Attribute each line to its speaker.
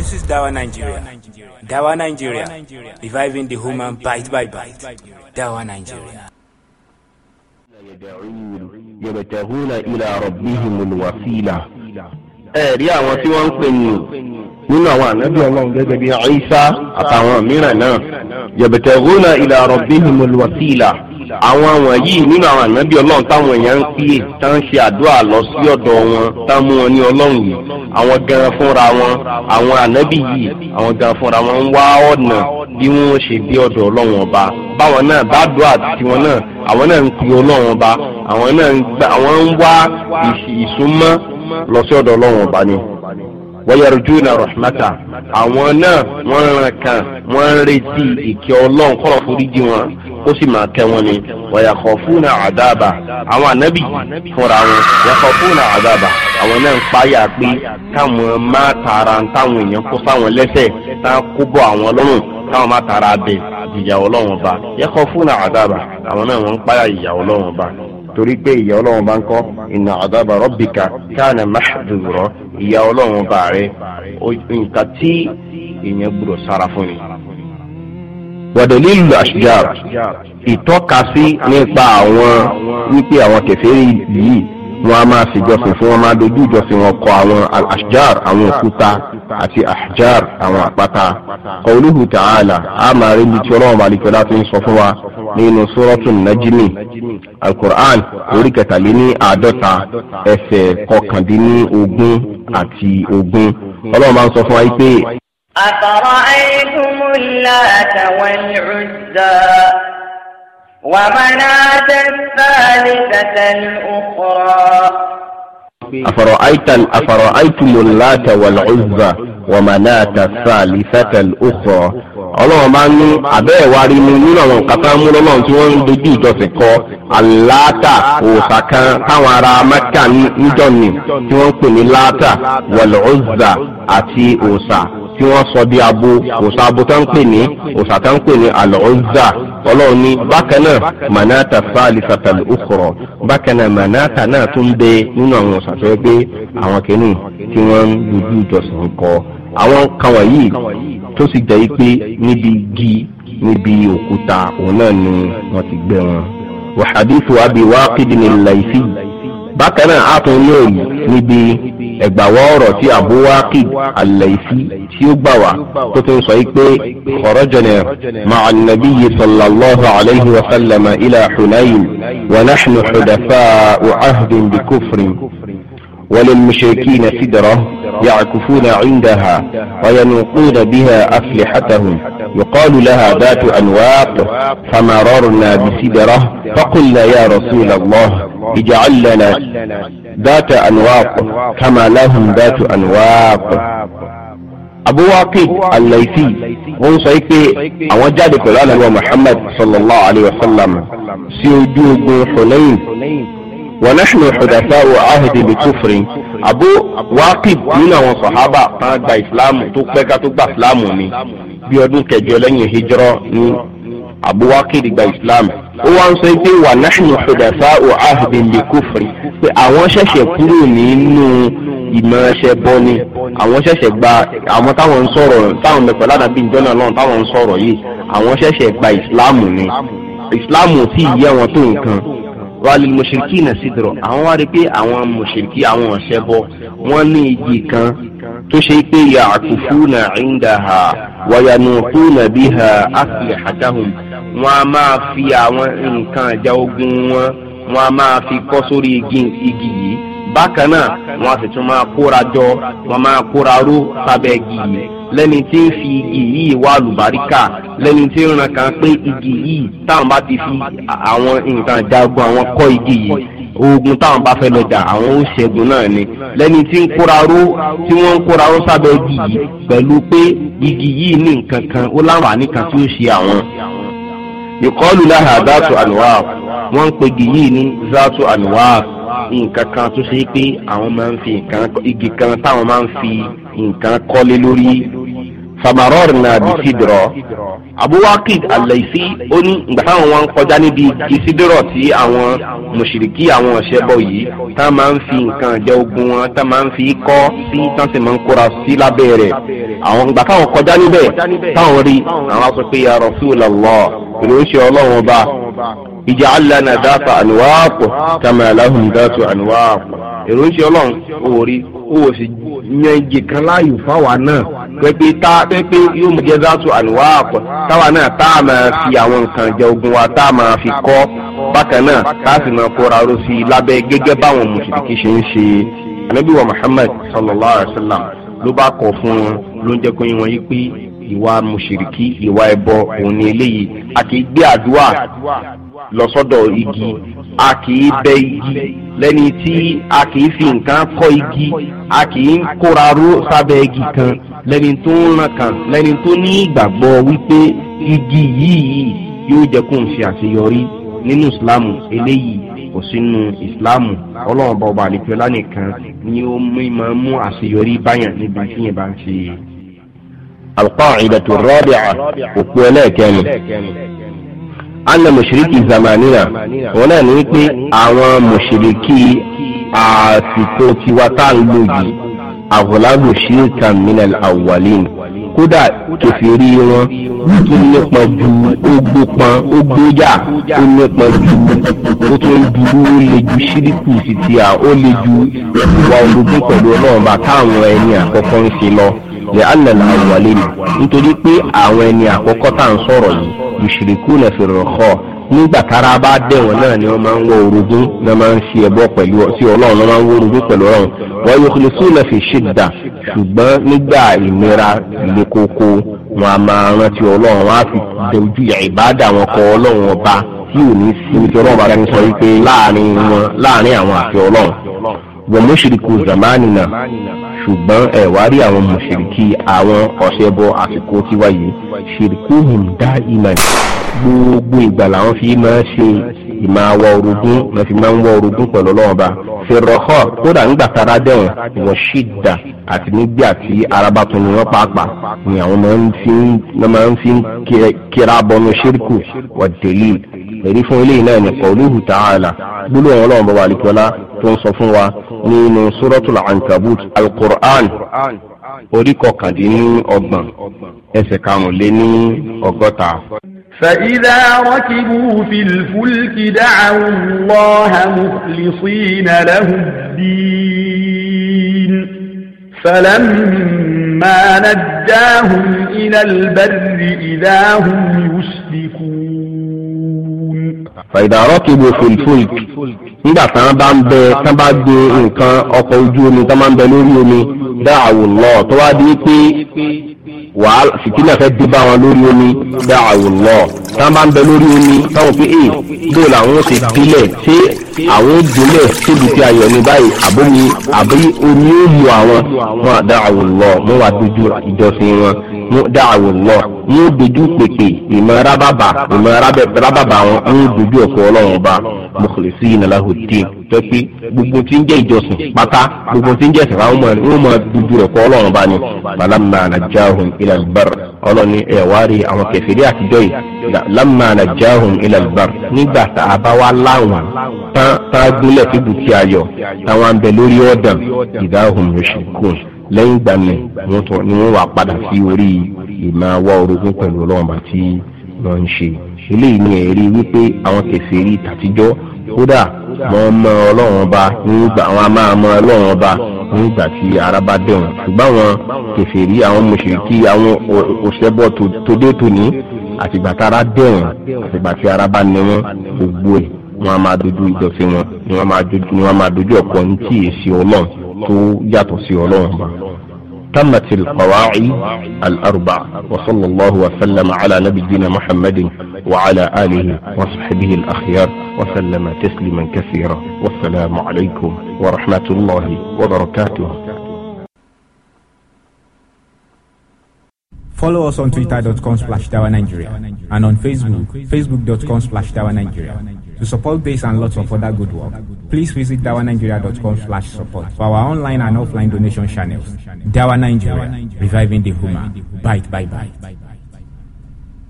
Speaker 1: This is Dawa Nigeria. Dawa Nigeria. Reviving the human bite by bite. Dawa Nigeria. يبتغون إلى ربهم الوسيلة ẹ̀rí àwọn tí wọ́n ń pè ní nínú àwọn ànábì ọlọ́run gẹ́gẹ́ bí Ìsá àtàwọn mìíràn náà yabtaguna ila rabbihimul alwasila àwọn wọ̀nyí nínú àwọn ànábì ọlọ́run táwọn èèyàn ń kíyè tá ń ṣe àdúrà lọ sí ọ̀dọ̀ wọn tá mú wọn ní ọlọ́run yìí àwọn gan fúnra wọn àwọn ànábì yìí àwọn gan fúnra wọn ń wá ọ̀nà bí wọ́n ṣe dé ọ̀dọ̀ ọlọ́run ọba báwọn náà bá dùn àti wọn náà àwọn náà ń pe ọlọ́run ọba àwọn náà ń gbà àwọn ń wá ìsúnmọ́ lọ sí ọ̀dọ̀ ọlọ́run ọba ni wọ́yọ̀rọ̀júnà rọ̀ṣmátà àwọn náà wọ́n ràn kàn wọ́n ń retí ìkẹ́ ọlọ́run kọ́rọ̀ foríjì wọn ó sì máa kẹ́ wọn ni wàyàkọ̀ fún àdáàbà àwọn ànábì fúnra wọn yàkọ̀ fún àdáàbà àwọn náà ń páyà pé káwọn má tara táwọn èèyàn kó sáwọn lẹ́sẹ̀ tá kó bọ́ àwọn lọ́rùn káwọn má tara bẹ̀ ìyà ọlọ́wọ́n ba yàkọ̀ fún àdáàbà àwọn náà wọ́n ń páyà ìyà ọlọ́wọ́n ba torí pé ìyà ọlọ́wọ́n bá ń kọ́ ìnà àdáàbà rọ́bìkà káàna máṣàdùrọ̀ ìyà ọlọ́wọ́n ba wàdẹ̀lílù àṣìjáàr ìtọ́kasí nípa àwọn wípé àwọn kẹfẹ́rí yìí wọn a máa ṣèjọsìn fún wọn máa dojú ìjọsìn wọn kọ àwọn àṣìjáàr àwọn òkúta àti àṣìjáàr àwọn àpáta kọ̀ọ̀lùhù tààlà a máa rí ibi tí ọlọ́run balẹ̀kẹ́ láti ń sọ fún wa nínú sọ́rọ́tún nájímì alukur'an orí kẹtàléní àádọ́ta ẹsẹ̀ kọkàndínní ogún àti ogún ọlọ́run máa ń sọ fún wa yìí pé. أفرأيتم اللات والعزى ومناة الثالثة الأخرى أفرأيتم أفرأيتم اللات والعزى ومناة الثالثة الأخرى ọlọ́run bá ní abẹ́ ìwárí mu nínú àwọn nǹkan tá ń mú lọ́lọ́run tí wọ́n ń dojú ìjọsìn kọ aláàtà òòṣà kan táwọn ará mẹ́kà níjọ́ ni tí wọ́n ń pè ní láàtà wal àti òòṣà tí wọ́n sọ di abo òòṣà abo tó ń pè ní òòṣà tó ń pè ní al-Uzza ọlọ́run ní bákan náà manata salisata al-ukhra bákan náà manata náà tún bẹ nínú àwọn òòṣà tó yẹ pé àwọn kìíní tí wọ́n ń dojú ìjọsìn kọ àwọn kan wọ̀nyí tó sì jẹ́ pé níbi igi níbi òkúta òun náà ni wọ́n ti gbé wọn. wa hadithu Abi Waqid al-Laythi bákan náà á tún ní òòyì níbi ẹgbàwọ́ ọ̀rọ̀ tí Abu Waqid al-Laythi tí ó ti ń sọ pé kharajna ma'a nabiyyi sallallahu alayhi wa sallama ila Hunayn wa nahnu hudafaa'u ahdin bi kufrin. وللمشركين سدرة يعكفون عندها وينوقون بها أفلحتهم يقال لها ذات أنواق فمررنا بسدرة فقلنا يا رسول الله اجعل لنا ذات أنواق كما لهم ذات أنواق أبو واقيد الليثي هو سيكي sọ pé àwọn صلى الله عليه وسلم sallallahu حنين ونحن حدثاء عهد بالكفر abu waqid nínú àwọn sọ̀hábà tán gba ìsìláàmù tó pẹ́ ká tó gba ìsìláàmù ni bí ọdún kẹjọ lẹ́yìn hijrọ́ ní abu waqid gba ìsìláàmù ó wá ń sọ pé wà nahnu hudasa'u ahdin li kufri pé àwọn ṣẹ̀ṣẹ̀ kúrò nínú ìmọ̀ ẹsẹ̀ bọ́ ni àwọn ṣẹ̀ṣẹ̀ gba àwọn táwọn ń sọ̀rọ̀ táwọn mẹ́fà ládàbí ìjọ́nà náà táwọn ń sọ̀rọ̀ yìí àwọn ṣẹ̀ṣẹ̀ gba ìsìláàmù ni ìsìláàmù ò tí ì yẹ wọn tó nǹkan wàhálì mọ̀ṣẹ̀kì náà sì dọ̀rọ̀ àwọn wá rí pé àwọn mọ̀ṣẹ̀kì àwọn ọ̀sẹ̀ bọ̀ wọ́n ní igi kan tó ṣe pé ya'kufuna 'indaha wa yanutuna biha aslihatahum wọ́n á máa fi àwọn nǹkan àjà ogun wọn wọ́n á máa fi kọ́ sórí igi yìí bákan náà wọ́n á sì tún máa kóra jọ wọ́n máa kóra ró sábẹ́ igi yìí lẹ́ni tí ń fi igi yìí wá àlùbáríkà lẹ́ni tí ń ran kan pé igi yìí táwọn bá ti fi àwọn nǹkan jagun àwọn kọ́ igi yìí oògùn táwọn bá fẹ́ lọ jà àwọn ó ṣẹ́gun náà ni lẹ́ni tí ń kóra ró tí wọ́n ń kóra ró sábẹ́ igi yìí pẹ̀lú pé igi yìí ní nǹkan kan ó láǹfààní kan tí ó ṣe àwọn. ìkọlù láhà dátù àlùwà wọ́n ń pegi yìí ní dátù àlùwà nǹkan kan tó ṣe pé àwọn máa ń fi nǹkan igi kan táwọn máa ń fi nǹkan kọ́lé lórí
Speaker 2: famarọ́ọ̀rì náà bí sídìrọ̀
Speaker 1: abuwakid alaisi ó ní ìgbà táwọn wọn ń kọjá níbi igi sídìrọ̀ tí àwọn mùṣìríkí àwọn ọ̀ṣẹ́bọ̀ yìí tá máa ń fi nǹkan jẹ ogun wọn tá máa ń fi kọ́ sí tán sì máa ń kóra sí lábẹ́ rẹ̀ àwọn ìgbà táwọn kọjá níbẹ̀ táwọn rí àwọn aṣọ pé ya Rasulullah ìlú ń ṣe ọlọ́run ọba ìjà alana dáta àníwáàpọ̀ kàmá aláhùn dáta àníwáàpọ̀ èrò ń ṣe ọlọ́run owó rí owó sì yan igi kan láàyò fáwa náà pẹ́pẹ́ tá pẹ́pẹ́ yóò mú jẹ́sàtù àníwá àpọ̀ táwa náà tá a máa fi àwọn nǹkan jẹ ogun wa tá a máa fi kọ́ bákan náà tá sì máa kóra ró sí i lábẹ́ gẹ́gẹ́ báwọn mùsùlùmí ṣe ń ṣe ànábì wa Muhammad sallallahu alayhi wa sallam ló bá kọ̀ fún un ló ń jẹ́ kó yín wọn yí pé ìwà mùsùlùmí ìwà ẹbọ òun ni eléyìí àti gbé àdúrà lọ́sọ́dọ̀ igi a kì í bẹ igi lẹ́ni tí a kì í fi nǹkan kọ́ igi a kì í kóra ró sábẹ́ igi kan lẹ́ni tó ń ràn kan lẹ́ni tó ní ìgbàgbọ́ wípé igi yìí yóò jẹ́ kó n ṣe àṣeyọrí nínú ìsìláàmù eléyìí kò sínú ìsìláàmù ọlọ́run bá ọba àlejòlá nìkan ni ó máa mú àṣeyọrí báyàn níbi tí yẹn bá ń ṣe. القاعدة الرابعة وكولاكان anna mùṣìríkì zamaniya òun náà ní pé àwọn mùṣìríkì àsìkò tiwa tá à ń lò yìí àwòlágbò ṣíríkà minal awwalin kódà kẹfìrí wọn tó nípọn ju ogbó pọn ogbó yà ó nípọn ju ó tó ń dúró ó lè ju ṣíríkù sí ti à ó lè ju ìwà ológun pẹ̀lú ọlọ́run táwọn ẹni àkọ́kọ́ ń ṣe lọ lẹ́hànà làwọn wọlé nítorí pé àwọn ẹni àkọ́kọ́ tá à ń sọ̀rọ̀ yìí yushrikuna fi rọ̀kọ́ nígbà tára bá dẹ̀ wọ́n náà ni wọ́n máa ń wọ orogún náà máa ń ṣe ẹbọ pẹ̀lú sí ọlọ́run náà máa ń wọ orogún pẹ̀lú ọlọ́run wọ́n yukhlisuna fi shidda ṣùgbọ́n nígbà ìnira ilé koko wọn a máa rántí ọlọ́run wọn á fi dojú ìbádà wọn kọ ọlọ́run ọba tí ò ní sí ọlọ́run bá ti sọ wípé láàrin àwọn àti ọlọ́run wọ́n mọ́ṣíríkù zamanina ṣùgbọ́n ẹ̀ wá rí àwọn mọ̀ṣíríkì àwọn ọ̀ṣẹ́bọ àsìkò tiwa yìí ṣìrìkú hùn dá ìmọ̀ gbogbo ìgbà làwọn fi máa ṣe ìmọ̀ àwọ̀ orogún lọ́ fi máa ń wọ orogún pẹ̀lú ọlọ́wọ́n bá fèrèhọ́ kódà nígbà tára dẹ̀wọ̀n wọ́n ṣì dà àti nígbà tí araba tún ni wọ́n pàápàá ni àwọn máa ń fi kíra bọnu ṣírkù wọ́n délé èrí fún eléyìí náà ní qawluhu ta'ala gbólóhùn ọlọ́wọ́n wà lẹ́kọ́lá tó ń sọ fún wa nínú suratul ankabut alqur'an orí kọkàndínní ọgbọ̀n ẹsẹ̀ karùnléní ọgọ́ta. فإذا ركبوا في الفلك دعوا الله مخلصين له الدين فلما نجاهم إلى البر إذا هم يشركون فإذا ركبوا في الفلك nígbà tán bá ń bẹ tán bá gbé nǹkan ọkọ̀ ojú omi tán máa ń bẹ lórí omi dáàwò lọ tó wá di pé wàhálà fìtínà fẹ́ dé bá wọn lórí omi dáàwò lọ tán bá ń bẹ lórí omi táwọn pé èè bó làwọn ti pilẹ̀ ṣé àwọn ìgbélẹ̀ síbi tí ayọ̀ ní báyìí àbómi àbí omi ó lu àwọn wọn dáàwò lọ wọn wá dojú ìjọsìn wọn dáàwò lọ yóò dojú pèpè ìmọ̀ rábàbà ìmọ̀ rábàbà wọn yóò dojú ọ̀pọ̀ ọlọ́run ọba mọ̀kìlísí ìnàláhùdín pẹ́pẹ́ gbogbo tí ń jẹ́ ìjọsìn pátá gbogbo tí ń jẹ́ ìsìnkú wọn mọ̀ dojú ọ̀pọ̀ ọlọ́run ọba ni malama anajahun ilalbar ọlọ́ni ẹ̀wárí àwọn kẹfìrí àtijọ́ yìí lamma anajahun ilalbar nígbà tá a bá wá láwọn tán gúnlẹ̀ sí dúkìá yọ táwọn abẹ lórí ìmáa wá orogún pẹ̀lú ọlọ́run bá tí wọ́n ń ṣe eléyìí ni ẹ̀rí wípé àwọn kèfèrí tàtijọ́ kódà wọ́n mọ ọlọ́run ọba nígbà àwọn a máa mọ ọlọ́run ọba nígbà tí ara bá dẹ̀ wọ́n ṣùgbọ́n àwọn kèfèrí àwọn mùṣìríkí àwọn òṣèbọ tòde tòní àtìgbà tí ara dẹ̀ wọ́n àtìgbà tí ara bá ní wọ́n gbogbo ẹ̀ wọ́n a máa dojú ìjọsìn wọn ni wọ́n máa dojú ọkọ̀ ní tí èsì ọlọ́run tó yàtọ̀ sí ọlọ́run تمت القواعد الأربع وصلى الله وسلم على نبينا محمد وعلى آله وصحبه الأخيار وسلم تسليما كثيرا والسلام عليكم ورحمة الله وبركاته Follow us on twitter.com slash Tower Nigeria and on Facebook, facebook.com slash Tower Nigeria. To support this and lots of other good work, please visit dawanigeria.com slash support for our online and offline donation channels. Dawa Nigeria, reviving the human. Bite, bye, bye.